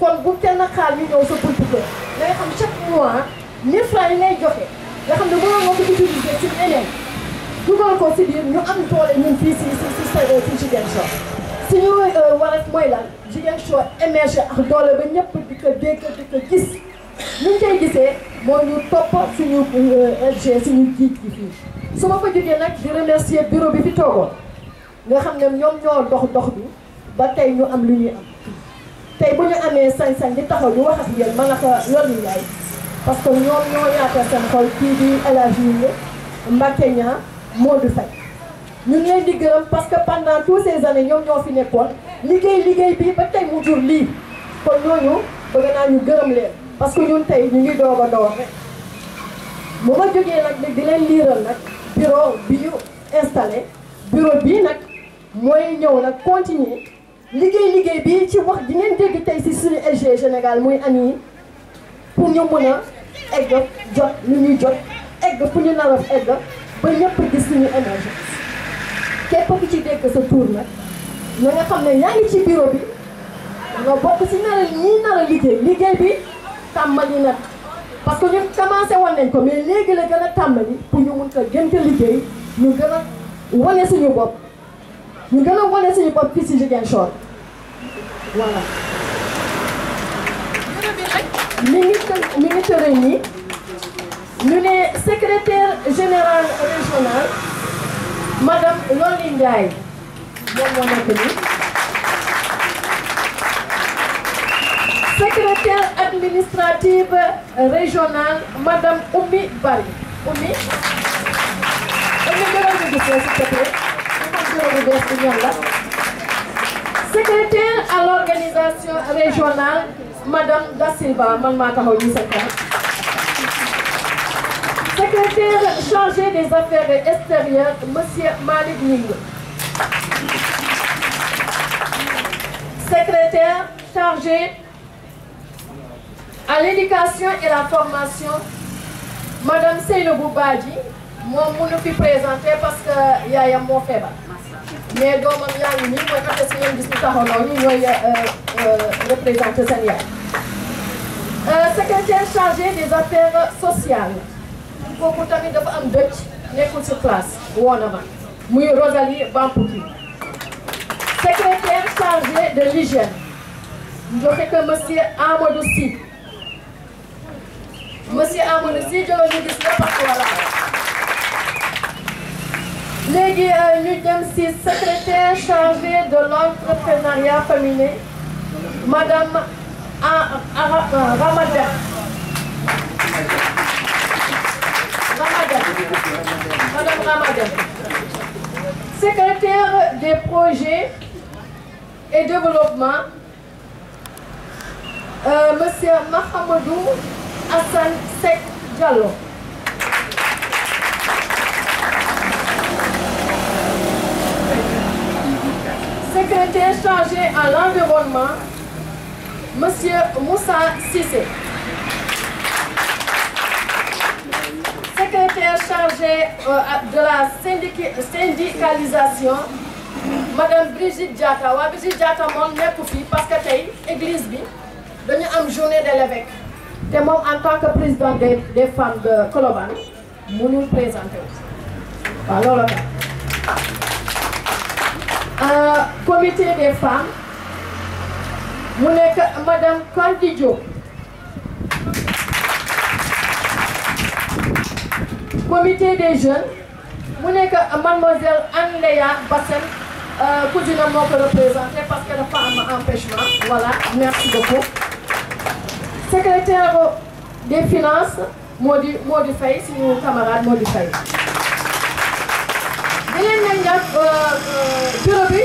kon bu kenn xaar ñu ñëw sa buntu kër nga xam chaque mois 1000 yi ngay joxe nga xam ne mënoon nga ko utiliser si leneen si biir si si si si Ziguinchor suñu euh, wareef mooy lan Ziguinchor émergé ak doole ba ñëpp di ko dégg di ko gis ñu ngi gisee moo ñu topp suñu LG euh, suñu jiit gi fii su ma ko jógee nag di remercier bureau bi fi toogoon nga xam ne ñoom ñoo dox dox bi ba tey ñu am lu ñuy am. tey bu ñu amee sañ-sañ di taxaw ñu wax ak yéen ma ne ko loolu yaay parce que ñoom ñoo yaatal seen xol kii di El Hadj Mbacké Niang Modou Faye ñu ngi leen di gërëm parce que pendant toutes ces années ñoom ñoo fi nekkoon liggéey liggéey bi ba tey mu jur lii kon ñooñu bëgg naa ñu gërëm leen parce que ñun tey ñu ngi doog a door rek ma jógee nag di leen liiral nag bureau bi ñu installé bureau bii nag mooy ñëw nag continuer liggéey liggéey bi ci wax di ngeen dégg tey si suñu LG génégal muy am yi pour ñu mën a egg jot lu ñuy jot egg fu ñu naroon egg ba ñëpp gis suñu émergence képp ku ci dégg sa tour nag na nga xam ne yaa ci bureau bi nga bokk si nar a ñii liggéey liggéey bi tàmbali nag parce que ñun commencé nañ ko mais léegi la gën a tàmbali pour ñu mun ko gën ko liggéey ñu gën a wane suñu bopp allons voir les wane suñu bopp fii si Ziguinchor voilà. ministre ministre réunis nous secrétaire général régional madame Loli Ndiaye secrétaire administrative régionale madame Oumi Bari Oumi. Oumi, nous allons ñu s'il te plaît. Secrétaire à l'organisation régionale, Madame Da Silva, Secrétaire chargé des affaires extérieures, Monsieur Malik Secrétaire chargé à l'éducation et la formation, Madame Seynobou Boubadi, moi, je présenté présenter parce que un mot fait mais doomam yaa ngi nii mooy affaire si ngeen gis ñu taxaw noonu ñooy représenté seen secrétaire chargé des affaires sociales kooku tamit dafa am dëcc nekkul sur place woo na ma muy Rosalie Bamputi. secrétaire chargé de l'hygiène joxe que monsieur Amadou Sy monsieur Amadou Sy jëloon ñu gis nga parce que Légué à 6, secrétaire chargée de l'entrepreneuriat féminin, Madame euh, Ramadan. Madame Ramadan. Secrétaire des projets et développement, M. Euh, Monsieur Mahamadou Hassan Sek Diallo. secrétaire chargé à l'environnement, Monsieur Moussa Sissé. Secrétaire chargé euh, de la syndicalisation, Madame Brigitte Diata. Brigitte Diata, mon nekku fi parce que tey église bi dañu journée de l'évêque Et en tant que président des femmes de Colobane nous nous présentons Alors comité des femmes Mme madame Kandi comité des jeunes mu euh, que mademoiselle Anne Léa je ne que représente représenté parce qu'elle n'a pas un empêchement voilà merci beaucoup secrétaire des finances moo di si c'est fay camarade moo Bienvenue fay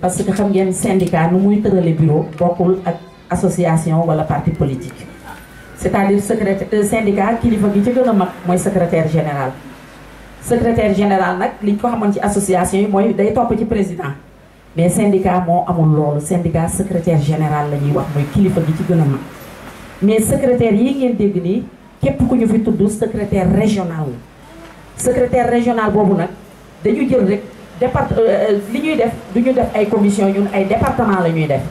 parce que xam ngeen syndicat nu dans les bureaux beaucoup d'associations ou la parti politique c'est-à-dire le euh, syndicat qui est le secrétaire général le secrétaire général l'association est ko petit ci association day ci président mais syndicat le amul syndicat secrétaire général qui mais le secrétaire kilifa gi ci a secrétaire yi ngeen le secrétaire régional le secrétaire régional c'est le dañu jël département euh, li def duñu def ay commission ñun ay département lañuy def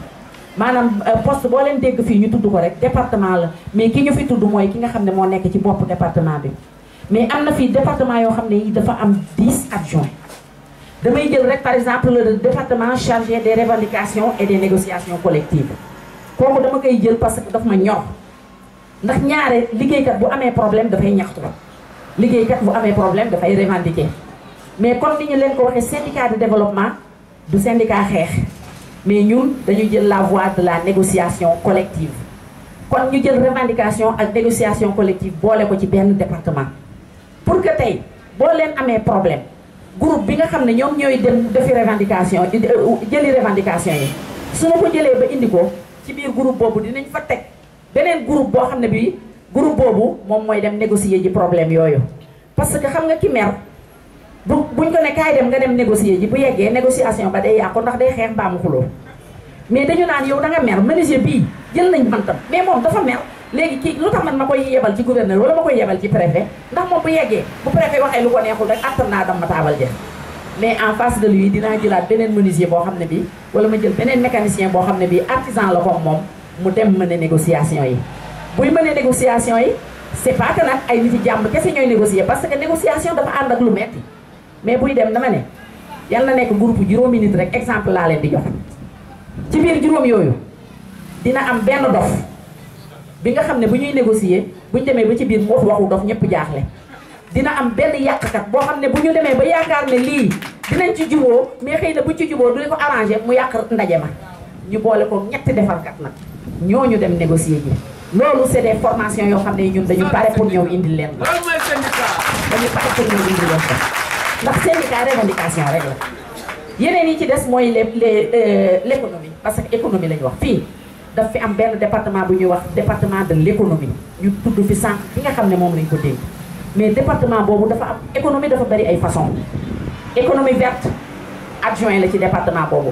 manam euh, poste bo leen dégg fi ñu tuddu ko rek département la mais ki ñu fi tuddu mooy ki nga xam ne moo nekk ci bopp département bi mais am na fii département yoo xam ne yi dafa am 10 adjoints damay jël rek par exemple le département chargé des revendications et des négociations collectives kooku dama koy jël parce que daf ma ñor ndax ñaare liggéeykat bu amee problème dafay ñaxtu liggéeykat bu amee problème dafay revendiquer mais comme ni ñu leen ko waxee syndicat de développement du syndicat xeex mais ñun dañu jël la voie de la négociation collective kon ñu jël revendication ak négociation collective boole ko ci benn département pour que tey boo leen amee problème groupe bi nga xam ne ñoom ñooy dem defi revendication euh, jëli revendication yi su ma ko jëlee ba indi ko ci biir groupe boobu dinañ fa teg beneen groupe boo xam ne bii groupe boobu moom mooy dem négocier ji problème yooyu parce que xam nga ki mer bu buñ ko ne kaay dem nga dem négocier ji bu yeggee négociation ba day yàqu ndax day xeex mbaamu xuloo mais dañu naan yow da nga mer menuisier bii jël nañ bantam mais moom dafa mer léegi kii lu tax man ma koy yebal ci gouverneur wala ma koy yebal ci préfet ndax moom bu yeggee bu préfet waxee lu ko neexul rek attan naa dam ma taabal jël mais en face de lui dinaa jëlaat beneen menuisier boo xam ne bii wala ma jël beneen mécanicien boo xam ne bi artisan la comme moom mu dem mën a négociation yi buy mën a yi c'est pas que nag ay que négociation dafa ànd ak lu mais buy dem dama ne yàlla na nekk groupe juróomi nit rek exemple laa leen di jox ci biir juróom yooyu dina am benn dof bi nga xam ne bu ñuy négocier bu ñu demee ba ci biir mu wax waxu dof ñëpp jaaxle dina am benn yàqkat boo xam ne bu ñu demee ba yaakaar ne lii dinañ ci juboo mais xëy na bu ci juboo du ko arrangé mu yàq ndaje ma ñu boole ko ñetti defarkat nag ñu dem négocier ji loolu c'est des formations yoo xam ne ñun dañu pare pour ñëw indi leen ko dañu ndax syndicat revendication rek la yeneen yi ci des mooy les les euh, l' économie parce que économie la ñu wax fii daf fi am benn département bu ñuy wax département de l' économie ñu tudd fi sànq bi nga xam ne moom lañ ko dégg mais département boobu dafa am économie dafa bëri ay façon économie verte adjoint la ci département boobu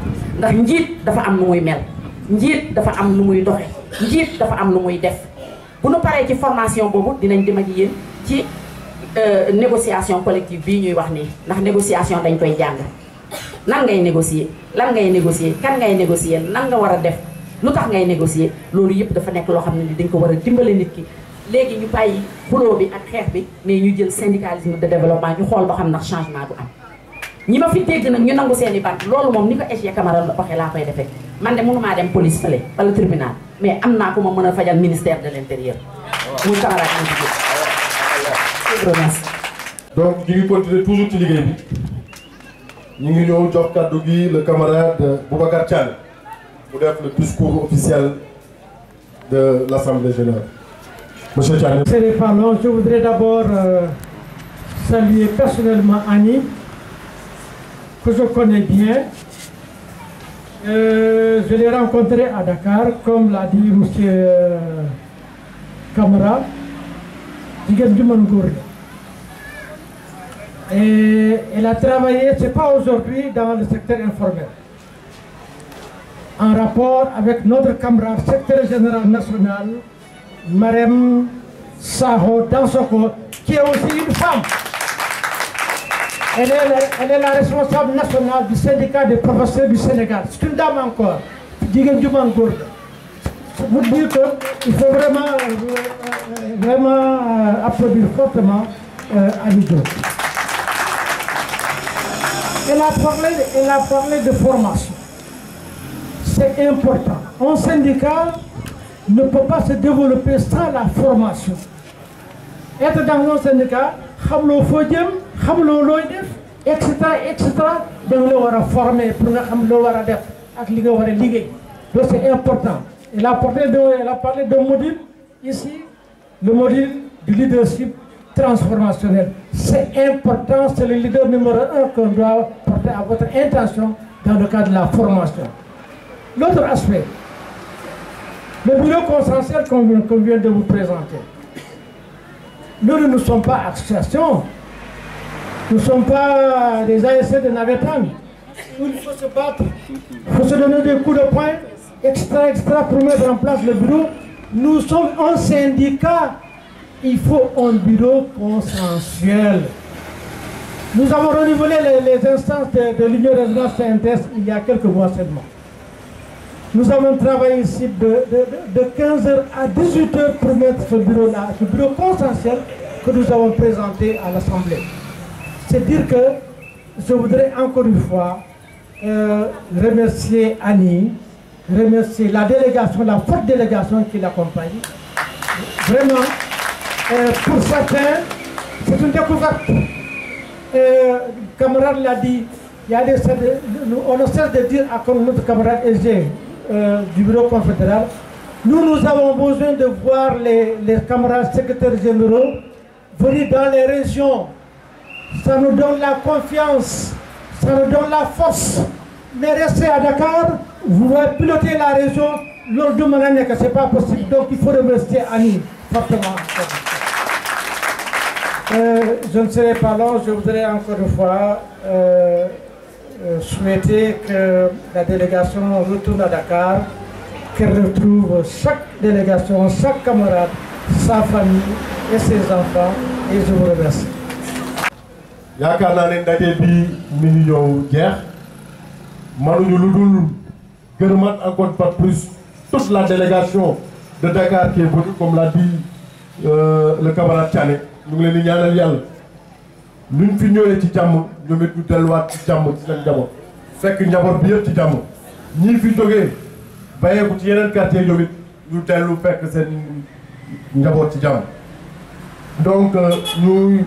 ndax njiit dafa am nu mel njiit dafa am nu muy doxe njiit dafa am nu muy def bu ci formation boobu dinañ dem ak euh, négociation collective bii ñuy wax nii ndax négociation dañ koy jàng nan ngay négocier lan ngay négocier kan ngay négocier nan nga war def lu ngay négocier loolu yëpp dafa nekk loo xam dañ ko war a dimbale ñu bi ak bi mais ñu jël syndicalisme de développement ñu xool ba xam ndax changement du ñi ma fi dégg nag ñu nangu seen i baat loolu moom ni ko Echia Camara waxee laa koy defee man de mënumaa dem police fële wala tribunal mais am naa ko ma mën a fajal ministère de l' intérieur muy Camara donc ñu ngi continuer toujours ci liggéey bi ñu ngi ñëw jox kàddu gi le camarade Boubacar Thial mu def le discours officiel de l' assemblée générale monsieur Thiam. je ne serai je voudrais d' abord euh, saluer personnellement Annie que je connais bien. Euh, je l'ai rencontré à Dakar, comme l'a dit M. Kamara, euh, Et elle a travaillé, c'est pas aujourd'hui, dans le secteur informel. En rapport avec notre camarade secteur général national, Marem Saho Dansoko, qui est aussi une femme. Elle est, la, responsable nationale du syndicat des professeurs du Sénégal. C'est une dame encore, Digène Duman Vous dire qu'il faut vraiment, euh, euh, vraiment euh, applaudir fortement à Amido. Elle parlé, elle a parlé de formation. C'est important. Un syndicat ne peut pas se développer sans la formation. Être dans un syndicat, xamloo foo jëm xamloo looy def et cetera et la a pour nga xam a def ak li c'est important Et a de la a parlé de module ici le module du leadership transformationnel c'est important c'est le leader numéro un qu'on doit porter à votre intention dans le cadre de la formation l'autre aspect le bureau consensuel qu'on vient de vous présenter nous, nous ne sommes pas associations. Nous ne sommes pas euh, des ASC de Navetan. Il faut se battre. Il faut se donner des coups de poing, extra, extra, pour mettre en place le bureau. Nous sommes un syndicat. Il faut un bureau consensuel. Nous avons renouvelé les, instances de, l'Union des Synthèse il y a quelques mois seulement. Nous avons travaillé ici de, 15h à 18h pour mettre ce bureau-là, ce bureau consensuel que nous avons présenté à l'Assemblée. C'est dire que je voudrais encore une fois euh, remercier Annie, remercier la délégation, la forte délégation qui l'accompagne. Vraiment, euh, pour certains, c'est une découverte. Euh, camarade l'a dit, il a des, on ne cesse de dire à notre camarade S.J. Euh, du bureau confédéral, nous, nous avons besoin de voir les, camarades secrétaires généraux venir dans les régions. Ça nous donne la confiance, ça nous donne la force. Mais rester à Dakar, vous voulez piloter la région, lors du que ce n'est pas possible. Donc il faut rester à fortement. Euh, je ne serai pas long, je voudrais encore une fois euh, euh, souhaiter que la délégation retourne à Dakar, qu'elle retrouve chaque délégation, chaque camarade, sa famille et ses enfants. Et je vous remercie. plus toute la délégation de Dakar qui comme l'a dit euh, le camarade nous fi ñëwee ci jàmm ñoom it ñu delluwaat ci fait ci nous avons fekk njaboot bi yëpp ci jàmm ñii fi jógee bayeeku ci nous quartier ñoom it ñu dellu fekk seen njaboot ci jàmm donc euh, ñuy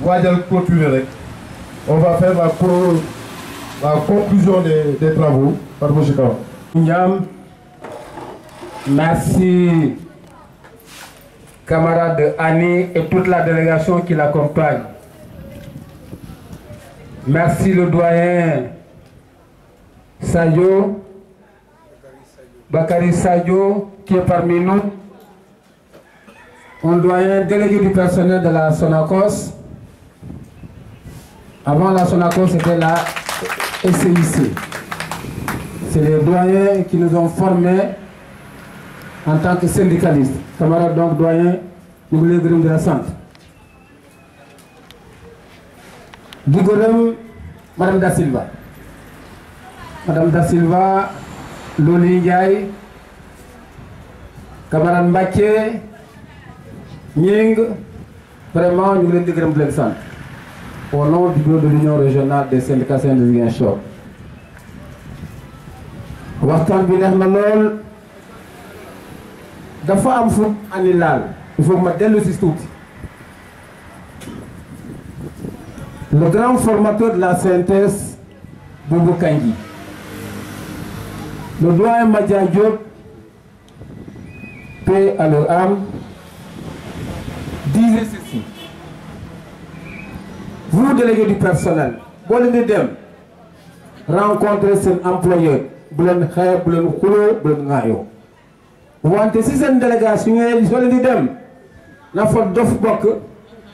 waajal clôturer rek on va faire la pro la conclusion des des travaux par monsieur Kam. ñaam merci camarade Annie et toute la délégation qui l'accompagne. Merci le doyen Sayo, Bakari Sayo, qui est parmi nous. Un doyen délégué du personnel de la Sonacos. Avant la Sonacos, c'était la SIC. C'est les doyens qui nous ont formés en tant que syndicalistes. Camarades donc doyens, nous voulons de la santé. digolam madame da Silva madame da Silva Loli Ndiaye camarade Mbacke Ning, vraiment ñu ngi leen di gërëm leen sant au nom du bureau de l'union régionale des syndicats syndicats Ziguinchor waxtaan bi neex na lool dafa am fu anilal il faut ma delu ci tout le grand formateur de la synthèse, Boubou Kangi. Le doyen Madia Diop, paix à leur âme, disait ceci. Vous, délégués du personnel, vous allez rencontrer cet employeur, vous l'avez rencontrer. vous allez rencontrer si seen délégation allez soo leen di dem na rencontrer.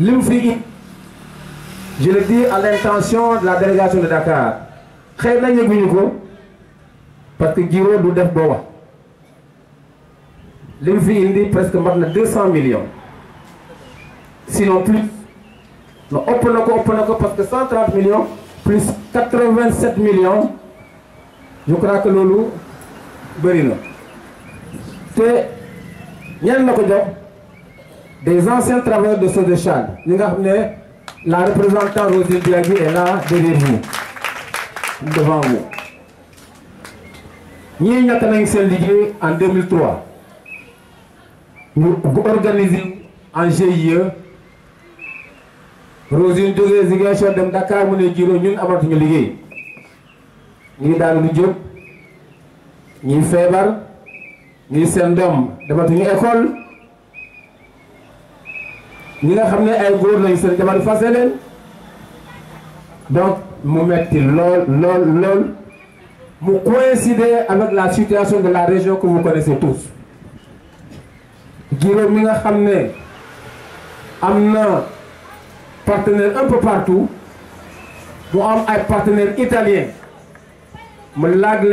je le dis à l'intention de la délégation de Dakar, xëy na le ko parce que Giro du def booba l'IMFRI indi presque maintenant 200 millions sinon plus na ne na pas parce que 130 millions plus 87 millions je crois que nous bëri na te ñan des anciens travailleurs de ce avons La représentante Rosine Diagui est là derrière nous. devant nous. Nous avons été en 2003. Nous avons organisé un GIE. Rosine Diagui est là, de Dakar, nous avons été en Nous avons été en Ligue. Nous avons été un Ligue. Nous avons été en nous nga un ay de donc mu metti lol, coïncider avec la situation de la région que vous connaissez tous Je partenaire un peu partout nous avons un partenaire italien Je laaj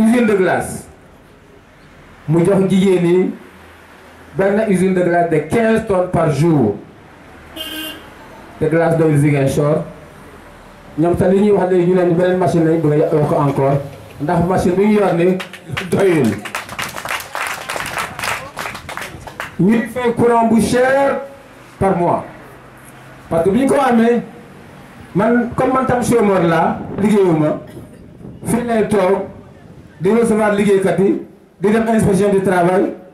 usine de glace une usine de glace de 15 tonnes par jour de glace de Nous avons wax ñu machine encore. Nous a encore une machine est ñu yor ni courant cher par mois parce que bi comme man tam chômeur laa liggéeyuma fii lay inspection du travail.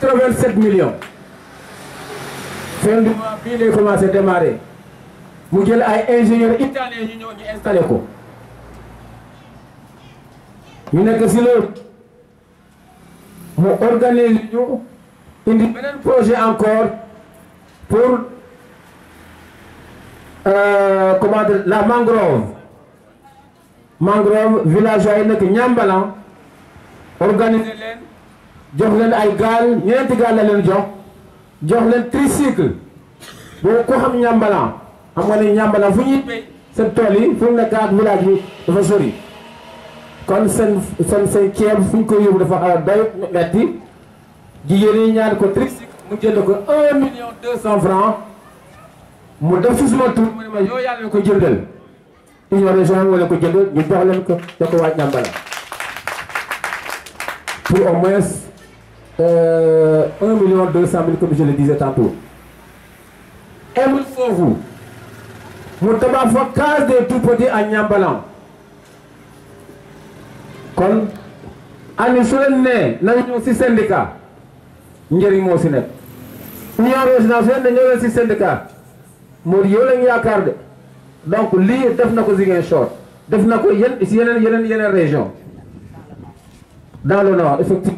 87 millions fin du mois il commencer commencé démarrer Vous avez un ingénieur, italien qui qui ñu installé ko y nekk si loolu organise ñu projet encore pour euh, la mangrove mangrove villageois yi nekk Ñambalan organiser jox leen ay gal ñeenti gaal la leen jox jox leen tricycle boobu ko xam ñambala xam nga ne ñàmbalaan fu ñuy seen tool yi fu nekk ak village bi dafa sori kon sen sen seen ceeb fu ko yóbbu dafa xaw doy metti jigéen yi ñaan ko tricycle mu jënd ko un million deux francs mu def ci suma tur mu ne ma yow yaa ko jëndal union région wala ko jënd ñu jox leen ko da ko waaj ñambala pour au moins euh, 1 200 000, comme je le disais tantôt. Et vous, vous. avez fait 15 de tout à Nyambalan. Comme, à nous nous avons aussi syndicats. Nous avons aussi Nous donc l'île def région dans le nord effectivement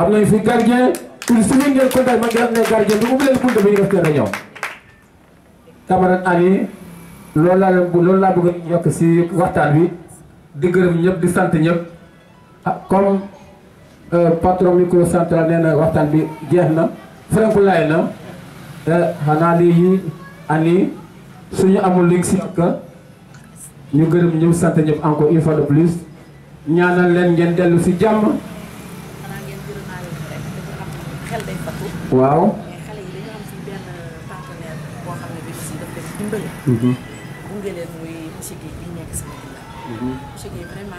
am nañ fi gardien il suñu ngeen contact ma ngi am ne gardien bi ubbi leen buntu bi ñu def ci réunion camarade Ali loolu laa leen loolu laa bëgg yokk si waxtaan bi di gërëm ñëpp di sant ñëpp ah comme eh, patron micro central nee na waxtaan bi jeex na franku laay na xanaa eh, lii yi ani suñu amul liñ si ka ñu gërëm ñëpp sant ñëpp encore une fois de plus ñaanal leen ngeen dellu si jàmm waaw. gunge leen muy mhm. monsieur Guèye bi nekk sama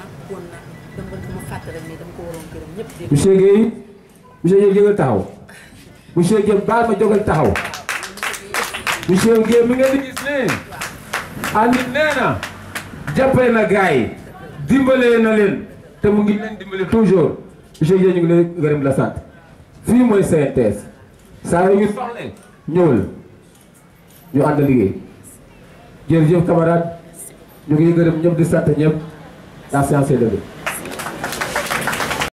ginnaaw. ma fàttali taxaw monsieur Guèye baal ma jógal taxaw monsieur Guèye ah, jàppale na gars dimbalee na leen te mu ngi leen dimbale toujours monsieur Guèye ñu ngi lay gërëm la sant fii mooy CNTS. saa yu ñu soxlee ñëwal ñu ànd liggéey jërëjëf camarade ñu ngi gërëm ñëpp di sant ñëpp la séance est levée